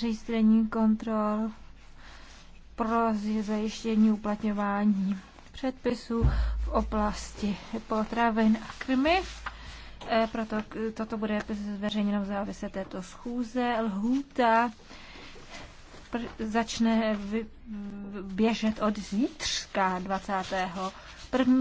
řízení kontrol pro zajištění uplatňování předpisů v oblasti potravin a krmy. E, proto toto bude zveřejněno v závise této schůze. Lhůta začne běžet od zítřka 20. 1.